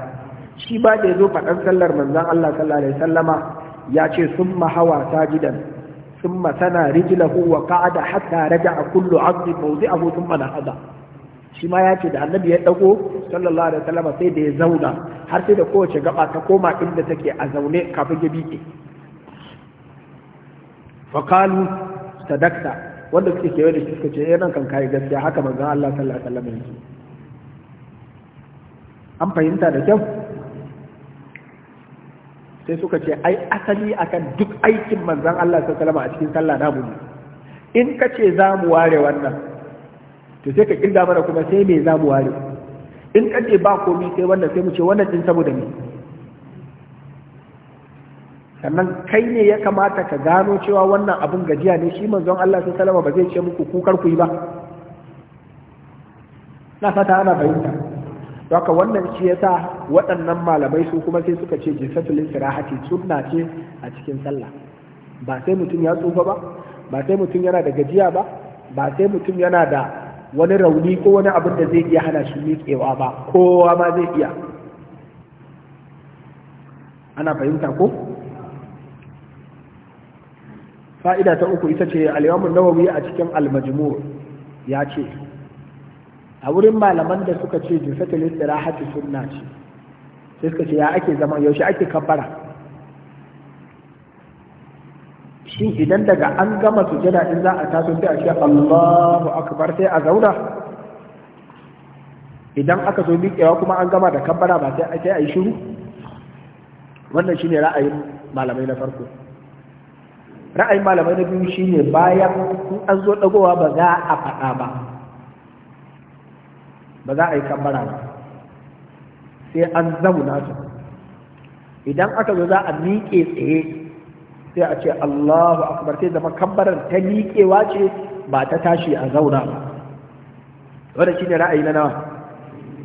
shi ba da zo faɗan sallar manzan Allah sallallahu alaihi ya ce summa hawa sajidan ma sana rijlahu wa ka'ada hatta a kullu 'abdin mawdi'ahu thumma nahada shi ma ya ce da annabi ya dago sallallahu alaihi Sallama sai da ya zauna har sai da kowace gaba ta koma inda take a zaune kafin ya bike fa qalu wanda suke kewa da shi suka ce eh, nan kan kai gaskiya haka manzon Allah sallallahu alaihi wasallam an fahimta da kyau sai suka ce ai asali akan duk aikin manzon Allah sallallahu alaihi a cikin sallah na ne in ka ce za mu ware wannan to sai ka kirga mana kuma sai me za mu ware in ka ce ba komai sai wannan sai mu ce wannan din saboda me sannan kai ne ya kamata ka gano cewa wannan abin gajiya ne shi manzon Allah sai salama ba zai ce muku kukar ku yi ba na fata ana fahimta haka wannan shi yasa waɗannan malamai su kuma sai suka ce jisatul istirahati sunna ce a cikin sallah ba sai mutum ya tsufa ba ba sai mutum yana da gajiya ba ba sai mutum yana da wani rauni ko wani abin da zai iya hana shi miƙewa ba kowa ma zai iya ana fahimta ko fa'ida ta uku ita ce al nawawi a cikin al ya ce a wurin malaman da suka ce jinsatul istirahati sunna ce sai suka ce ya ake zaman yaushe ake kabbara shin idan daga an gama su jira in za a taso sai a ce Allahu akbar sai a zauna idan aka zo miƙewa kuma an gama da kabbara ba sai a yi shiru wannan shine ra'ayin malamai na farko ra'ayin malamai na biyu shine bayan in an zo dagowa ba za a faɗa ba ba za a yi kambara ba sai an zauna su idan aka zo za a miƙe tsaye sai a ce Allahu akbar sai zama kambaran ta miƙewa ce ba ta tashi a zauna ba wanda shine ra'ayi na nawa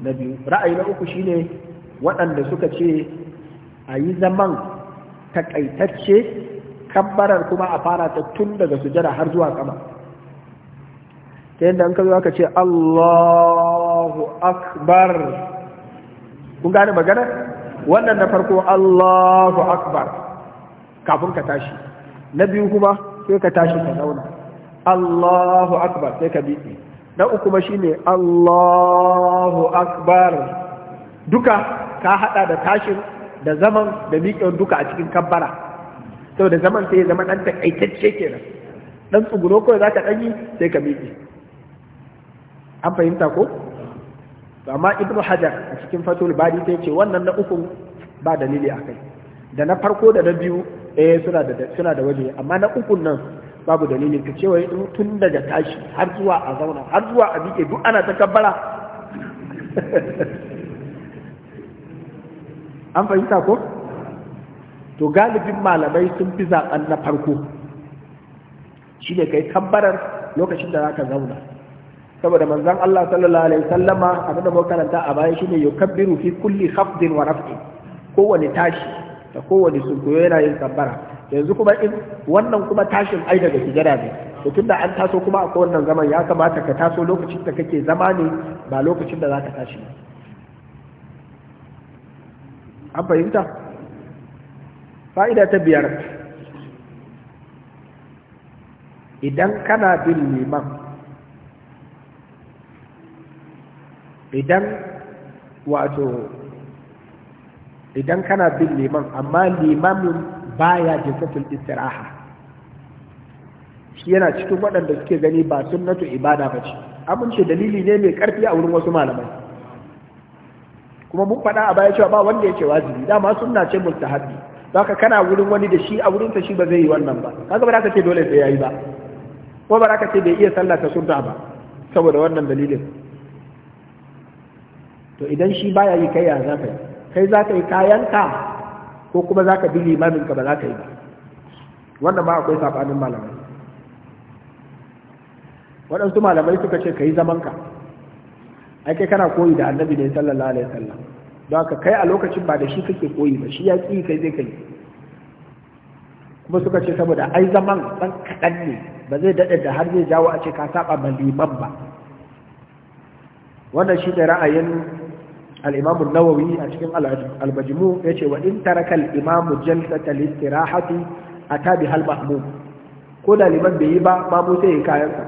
na biyu ra'ayi na uku shine waɗanda suka ce a yi zaman takaitacce kabbarar kuma a fara ta tun daga sujada har zuwa sama ta yadda an ka aka ce Allahu akbar kun gane magana wannan na farko Allahu akbar kafin ka tashi na biyu kuma sai ka tashi ka zauna Allahu akbar sai ka biɗi na uku ma shine Allahu akbar duka ka hada da tashin da zaman da miƙon duka a cikin kabbara Sau da zaman sai ya zama ɗan takaitacce kenan ɗan tsuguno kawai za ka ɗanyi sai ka miƙe an fahimta ko amma ibnu hajar a cikin fatul bari sai ce wannan na ukun ba dalili a kai da na farko da na biyu eh suna da suna da waje amma na ukun nan babu dalili ka cewa in tun daga tashi har zuwa a zauna har zuwa a miƙe duk ana ta kabbara an fahimta ko to galibin malamai sun fi zaɓen na farko shi ne kai tambarar lokacin da za ka zauna saboda manzan Allah sallallahu alaihi sallama a da makaranta a baya kan biru fi kulli hafdin wa rafi kowane tashi da kowane sunkuyo yana yin tambara yanzu kuma in wannan kuma tashin ai daga sujada ne to da an taso kuma a kowannan zaman ya kamata ka taso lokacin da kake zama ne ba lokacin da za ka tashi ba. an fahimta fa'ida ta biyar idan kana bin liman idan wato idan kana bin liman amma limamin baya jinsatul istiraha shi yana cikin waɗanda suke gani ba sunnatu ibada ba ce amince dalili ne mai ƙarfi a wurin wasu malamai kuma mun faɗa a baya cewa ba wanda ya ce wajibi dama sunna ce haɗi. haka kana wurin wani da shi a wurin ta shi ba zai yi wannan ba kaga ba ka ce dole sai yayi ba ko ba ka ce bai iya sallah ta sunna ba saboda wannan dalilin to idan shi baya yi kai ya za ka yi kai za ka yi kayanka ko kuma za ka bi ka ba za ka yi ba wannan ma akwai sabanin malamai waɗansu malamai suka ce ka yi zamanka ai kai kana koyi da annabi ne sallallahu alaihi wasallam don ka kai a lokacin ba da shi kake koyi ba shi ya ƙi kai zai kai kuma suka ce saboda ai zaman ɗan kaɗan ne ba zai daɗe da har zai jawo a ce ka saba ma liman ba wannan shi ne ra'ayin al-imamu nawawi a cikin al-majmu ya ce wa in taraka al-imamu jalsata listirahati a tabi hal mahmud ko da liman bai yi ba mamu sai ya kayansa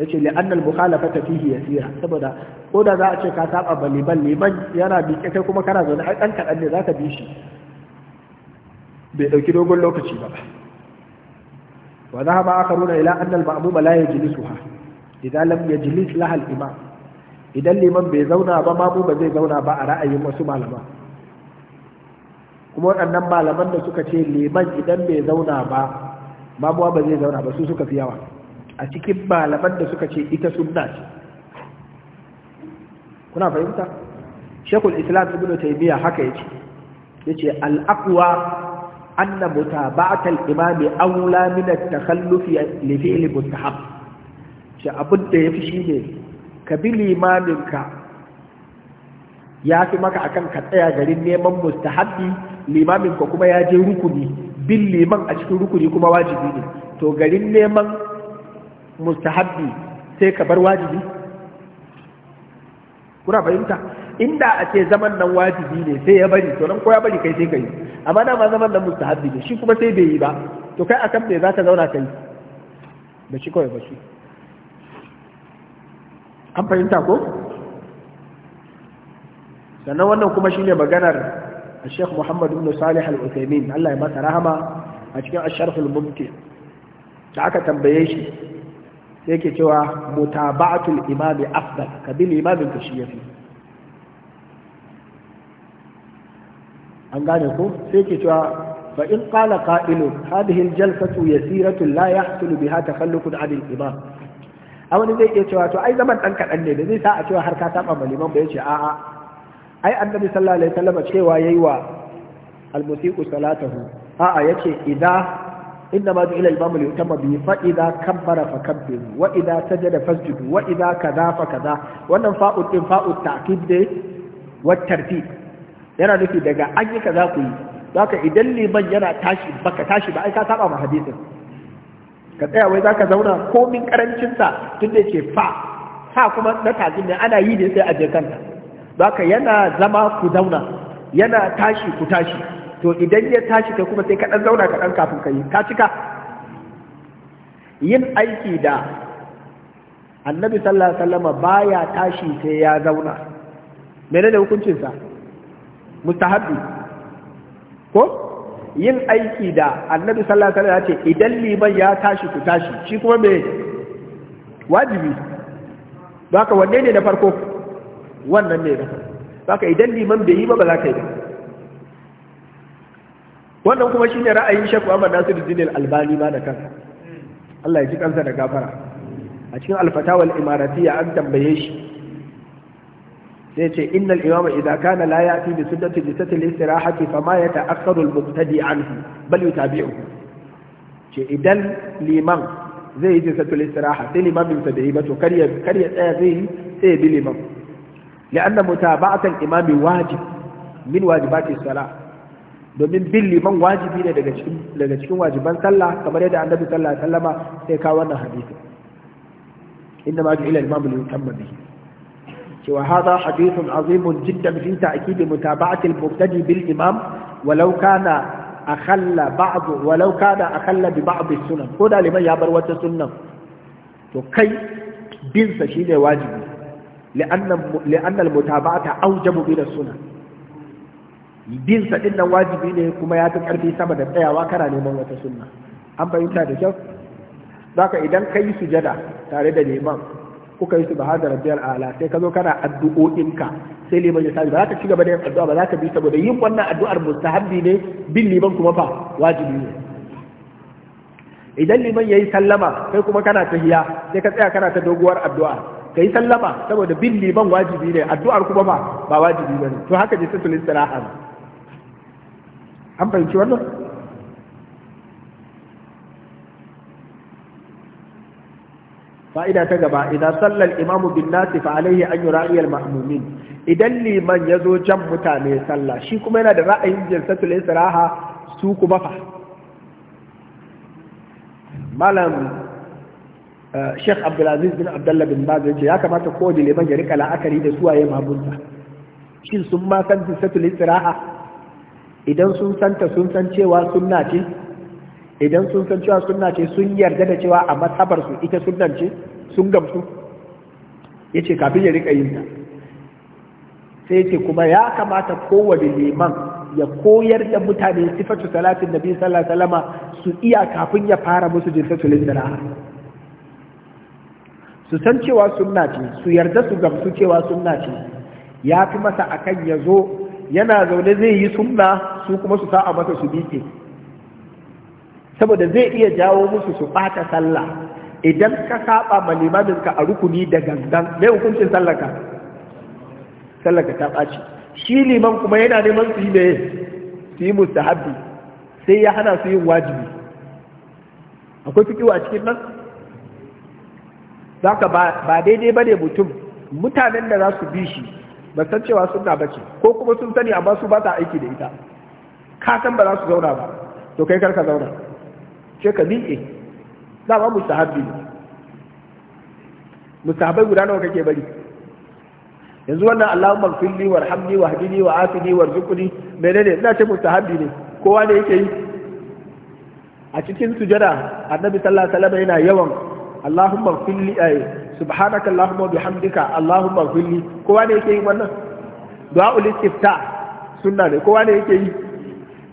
yace li annal mukhalafata fihi yasira saboda ko da za a ce ka saba ba liman liman yana bi kai kuma kana zaune ai dan kadan ne zaka bi shi bai dauki dogon lokaci ba wa dhahaba akharuna ila anna al ma'mum la yajlisuha idan lam yajlis laha al imam idan liman bai zauna ba mamu ba zai zauna ba a ra'ayin wasu malama kuma waɗannan malaman da suka ce liman idan bai zauna ba mamuwa ba zai zauna ba su suka fi yawa a cikin malaman da suka ce ita sunna ce kuna fahimta shekul islam ibn taymiya haka yace yace al-aqwa anna mutaba'at imami aula min at-takhalluf li fi'l mustahab shi abin da yafi shine ka bi limaminka ya fi maka akan ka tsaya garin neman mustahabbi limaminka kuma ya je rukuni bin liman a cikin rukuni kuma wajibi ne to garin neman mustahabbi sai ka bar wajibi kuna fahimta inda a ce zaman nan wajibi ne sai ya bari to nan ko ya bari kai sai kai amma dama zaman nan mustahabbi ne shi kuma sai bai yi ba to kai akan me za ka zauna kai ba shi kawai ba shi an fahimta ko sannan wannan kuma shine maganar الشيخ محمد بن صالح Allah الله masa رحمه a cikin asharful mumti da aka tambaye shi yake cewa mutaba'atul imami afdal ka bi limamin ka shi yafi an gane ko sai yake cewa fa in qala qa'ilu hadhihi al-jalsatu yasiratu la yahsulu biha takhallukun 'an al-imam a wani zai iya cewa to ai zaman dan kadan ne da zai sa a cewa har ka saba maliman ba yace a'a ai annabi sallallahu alaihi wasallam cewa yayi wa al-musiqu salatahu a'a yace idan. inna ma ju'ila al ita li yutamma bihi fa idza kabbara fa kabbiru wa idza kaza fa kaza wannan fa'u din fa'u ta'kid ne wa yana nufi daga an yi kaza ku yi zaka idan liman yana tashi baka tashi ba ai ka saba ma hadisin ka tsaya wai zaka zauna komin karancin sa tunda fa kuma na tajin ne ana yi ne sai a je kanta yana zama ku zauna yana tashi ku tashi to idan ya tashi kai kuma sai ka dan zauna ka dan kafin ka yi ka cika yin aiki da annabi sallallahu alaihi wasallama baya tashi sai ya zauna menene hukuncinsa mustahabbi ko yin aiki da annabi sallallahu alaihi wasallam ya ce idan liman ya tashi ku tashi shi kuma me wajibi baka wanne ne na farko wannan ne na farko baka idan liman bai yi ba ba za ka yi ba wannan kuma shi ne ra'ayin Sheikh Muhammad Nasiruddin Al-Albani ma da kansa Allah ya ji kansa da gafara a cikin Al-Fatawa Al-Imaratiyya an tambaye shi sai ce innal imama idza kana la ya'ti bi sunnati bi tatil istirahati fama yata'akkaru al-muqtadi anhu bal yutabi'u ce idan liman zai yi jinsatul istiraha sai limamin sa da yi ba to kar ya tsaya zai yi sai ya bi liman la'anna mutaba'atan imami wajib min wajibati salat domin bin liman wajibi ne daga cikin wajiban sallah kamar yadda annabi sallallahu alaihi wasallama sai ka wannan hadisi inda ma ju'ila al-imam li yutamma bihi cewa hadha hadithun azimun jiddan fi ta'kid mutaba'ati al-mubtadi bil imam walau kana akhalla ba'd walau kana akhalla bi ba'd as-sunan ko da liman ya bar wata sunnan to kai bin sa shine wajibi li'anna li'anna al-mutaba'ata awjabu bi as-sunan bin sa din nan wajibi ne kuma ya fi karfi sama da tsayawa kana neman wata sunna an fahimta da kyau zaka idan ka yi sujada tare da neman kuka yi subhana rabbiyal a'la sai ka zo kana addu'o'inka sai liman ya sabi ba za ka ci gaba da yin addu'a ba za ka bi saboda yin wannan addu'ar mustahabbi ne bin liman kuma fa wajibi ne idan liman yayi sallama sai kuma kana tahiya sai ka tsaya kana ta doguwar addu'a ka yi sallama saboda bin liman wajibi ne addu'ar kuma fa ba wajibi ba ne to haka je sai sulin siraha an fahimci wannan fa'ida ta gaba idan sallar imamu bin nasi fa alaihi an yura'iyal ma'mumin idan liman ya zo can mutane sallah shi kuma yana da ra'ayin jinsatul raha su kuma fa malam eh, Sheikh Abdulaziz bin Abdullah bin Baz ya ce ya kamata kowane liman ya rika la'akari da suwaye mabunta shi sun ma san jinsatul istiraha idan sun santa sun san cewa sunna ce idan sun san cewa sunna ce sun yarda da cewa a matsabar su ita sunna ce sun gamsu yace kafin ya rika yin ta sai yace kuma ya kamata kowane liman ya koyar da mutane sifatu salatin nabi sallallahu alaihi wasallama su iya kafin ya fara musu jinsa jinsatul istiraha su san cewa sunna ce su yarda su gamsu cewa sunna ce ya fi masa akan ya zo yana zaune zai yi sunna su kuma su sa'a masa su bike saboda zai iya jawo musu su bata sallah idan ka saba ma ka a rukuni da gangan mai hukuncin sallaka sallaka ta ɓaci shi liman kuma yana neman su yi mai su yi mustahabbi sai ya hana su yin wajibi akwai fikiwa a cikin nan za ka ba daidai ba ne mutum mutanen da za su bi shi ba san cewa sunna ba ce ko kuma sun sani amma su ba ta aiki da ita ka san ba za su zauna ba to kai kar ka zauna ce ka miƙe za ba mustahabbi ne mustahabbai guda nawa kake bari yanzu wannan Allahumma filli warhamni wahdini wa afini warzuqni menene ina ce mustahabbi ne kowa ne yake yi a cikin sujada annabi sallallahu alaihi wasallam yana yawan Allahumma filli ay eh, subhanaka allahumma bihamdika allahumma ghfirli kowa ne yake yi wannan du'aul istifta sunna ne kowa ne yake yi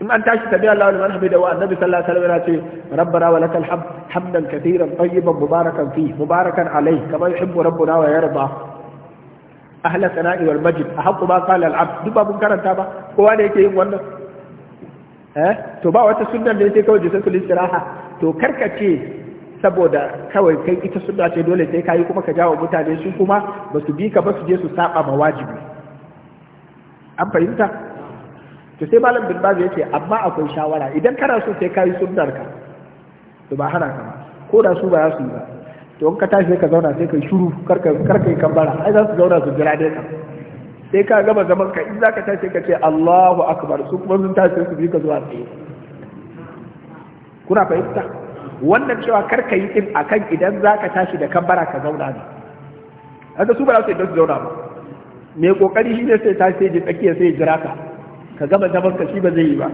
in an tashi tabi Allah liman hamida wa annabi sallallahu alaihi wasallam yana ce rabbana wa lakal hamd hamdan katiran tayyiban mubarakan fi mubarakan alayhi kama yuhibbu rabbuna wa yarda ahla sana'i wal majd ahqqu ma qala al abd duk babun karanta ba kowa ne yake yin wannan eh? to ba wata sunnar da yake kawai jisatul istiraha to karkace saboda kawai kai ita suna ce dole sai kayi kuma ka jawo mutane su kuma ba su bi ka ba su je su saba ma wajibi an fahimta to sai malam bin bazu yace amma akwai shawara idan kana so sai kayi sunnar ka to ba hana ka ko da su ba za su yi ba to in ka tashi ka zauna sai kai shiru kar kai kambara ai za su zauna su jira dai ka sai ka gama zaman ka in za ka tashi ka ce Allahu akbar su kuma sun tashi su bi ka zuwa tsaye kuna fahimta wannan cewa karka yi din akan idan za ka tashi da kambara ka zauna ne haka su ba za su idan su zauna ba mai kokari shi ne sai ta sai ji tsakiya sai jira ka ka gama zaman ka shi ba zai yi ba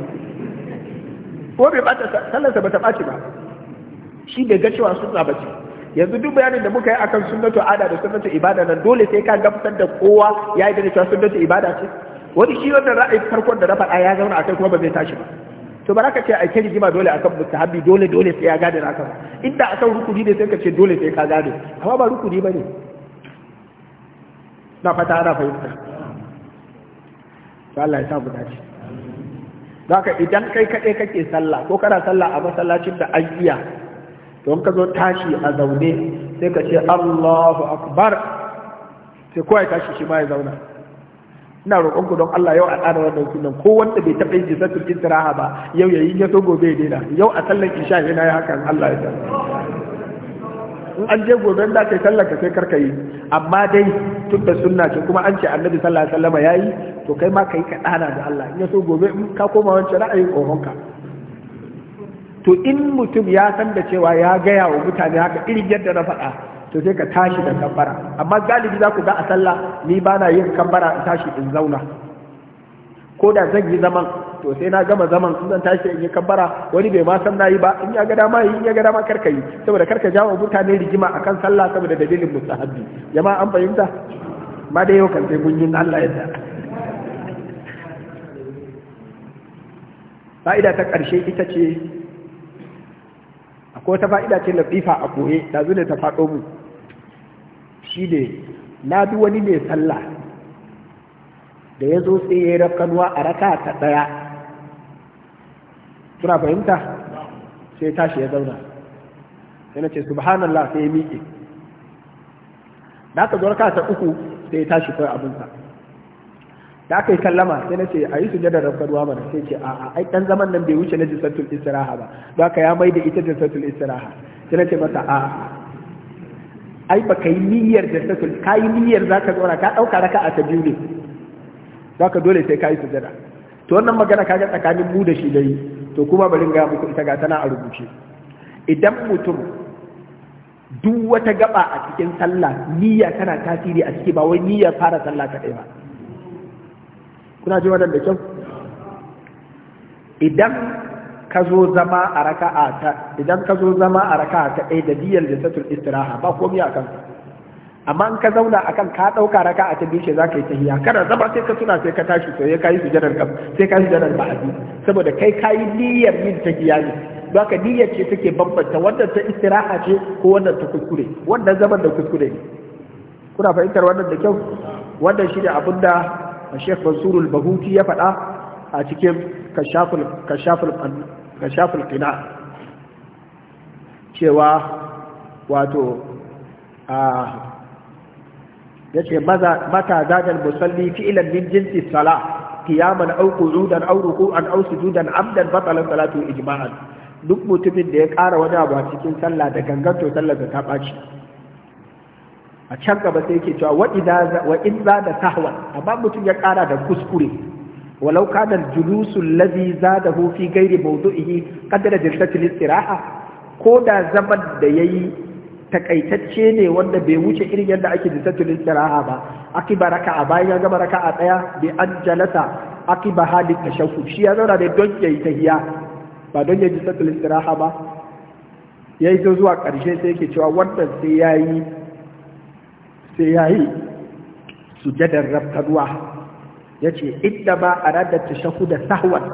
ko bai bata sallarsa ba ta ɓaci ba shi bai ga cewa sun ba ce yanzu duk bayanin da muka yi akan sunnatu ada da sunnatu ibada nan dole sai ka gamsar da kowa ya yi da cewa sunnatu ibada ce wani shi wannan ra'ayin farkon da na faɗa ya zauna a kai kuma ba zai tashi ba to ba za ka ce a kai rigima dole akan mustahabi dole dole sai ya gane naka ba inda kan rukuni ne sai ka ce dole sai ka gane amma ba rukuni bane na fata ana fahimta to Allah ya sa mu dace zaka idan kai kaɗai kake sallah ko kana sallah a masallacin da an iya to ka zo tashi a zaune sai ka ce Allahu akbar sai kowa ya tashi shi ma ya zauna ina roƙon ku don Allah yau a tsara wannan sunan ko wanda bai taɓa yin jisatul istiraha ba yau yayi ya so gobe ya daina yau a sallan isha yana yi hakan Allah ya san in an je gobe da kai sallar ka sai karka yi amma dai tun da sunna ce kuma an ce annabi sallallahu alaihi wasallam yayi to kai ma kai ka dana da Allah in ya so gobe in ka koma wancan ra'ayin ka. to in mutum ya san da cewa ya gaya wa mutane haka irin yadda na faɗa to sai ka tashi da kambara amma galibi za ku ga a sallah ni ba na yin kambara in tashi in zauna ko da zan yi zaman to sai na gama zaman in zan tashi in yi kambara wani bai ma san nayi ba in ya ga dama yi in ya ga dama karka yi saboda karka jawo mutane rigima akan sallah saboda dalilin mustahabbi jama'a an fahimta ma da yau kan sai gunjin Allah yadda fa'ida ta ƙarshe ita ce akwai wata fa'ida ce lafifa a koye da zune ta faɗo mu shi ne na bi wani mai sallah da ya zo sai ya yi rafkanuwa a raka ta ɗaya kuna fahimta sai tashi ya zauna sai na ce subhanallah sai ya miƙe da aka zo raka ta uku sai ya tashi kawai abinsa da aka yi kallama sai na ce a yi sujadar rafkanuwa mana sai ce a ai ɗan zaman nan bai wuce na jisatul istiraha ba da ka ya mai da ita jisatul istiraha sai na ce masa a ai ba ka yi niyyar da ta ka yi niyyar za ka zora ka ɗauka raka a ta ne za ka dole sai ka yi sujada to wannan magana ka ga tsakanin mu da shi dai to kuma bari ga muku ita ga tana a rubuce idan mutum duk wata gaba a cikin sallah niyya tana tasiri a ciki ba wai niyyar fara sallah kaɗai ba kuna ji wannan da kyau idan ka zo zama a raka'a ta idan ka zo zama a raka'a ta ɗaya da diyar da satul istiraha ba komai a kanka amma in ka zauna akan ka ɗauka raka'a ta biyu za ka yi tahiya kada zama sai ka tuna sai ka tashi to sai ka yi sujadar kam sai ka yi sujadar ba'adi saboda kai ka yi niyyar yin ta tahiya ne don haka niyyar ce take bambanta wannan ta istiraha ce ko wannan ta kuskure wannan zaman da kuskure ne kuna fahimtar wannan da kyau wannan shi ne abin da Sheikh Mansurul Bahuti ya faɗa a cikin kashaful Ka shafin ƙina cewa wato a ya ce mata musalli fi'ilan min jinsi sala kiyaman au qu'udan ko an au sujudan abdan batalan salatu ijma'an duk mutumin da ya ƙara wani abu a cikin sallah da ganganto sallah da ta ɓaci a can gaba sai ke cewa wa za da sahwa amma mutum ya ƙara da kuskure ولو كان الجلوس الذي زاده في غير موضعه قدر جلسة الاستراحة كودا زمن ديي takaitacce ne wanda bai wuce irin yadda ake tattalin tsaraha ba akiba a bayan ya gama a daya bai an jalasa akiba hadith tashahhud shi ya zauna ne don ya ta tahiya ba don ya yayi tattalin tsaraha ba ya yi zuwa karshe sai yake cewa wannan sai yi sai yayi sujadar rabtaduwa ya ce idda ba a radar da sahwan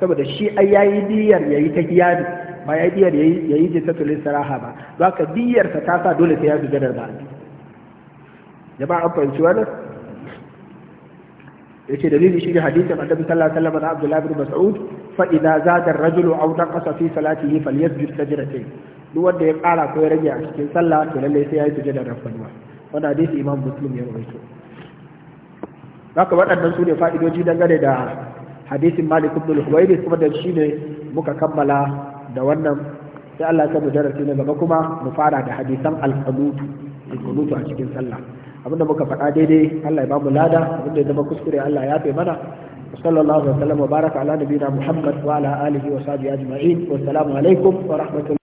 saboda shi ai yayi diyar yi ta kiyami ba ya yayi diyar yi yayi jisatul istiraha ba za ka diyar ta sa dole sai ya sujada ba jama'a an fahimci wannan yace dalili shi ne hadisin annabi sallallahu alaihi wasallam da Abdullah ibn Mas'ud fa idza zada ar-rajulu aw naqasa fi salatihi falyasjud sajdatayn duk wanda ya kara ko ya rage a cikin sallah to lalle sai ya yi sujada rafkanwa wannan hadisi Imam Muslim ya rawaito haka waɗannan su ne fa'idoji dangane da hadisin malik ibn al-huwairi kuma da shi ne muka kammala da wannan sai Allah ya mu darasi ne gaba kuma mu fara da hadisan al al a cikin sallah abinda muka faɗa daidai Allah ya ba mu lada abinda ya zama kuskure Allah ya fe mana وصلى الله وسلم وبارك على wa alihi wa اله وصحبه اجمعين والسلام alaikum wa الله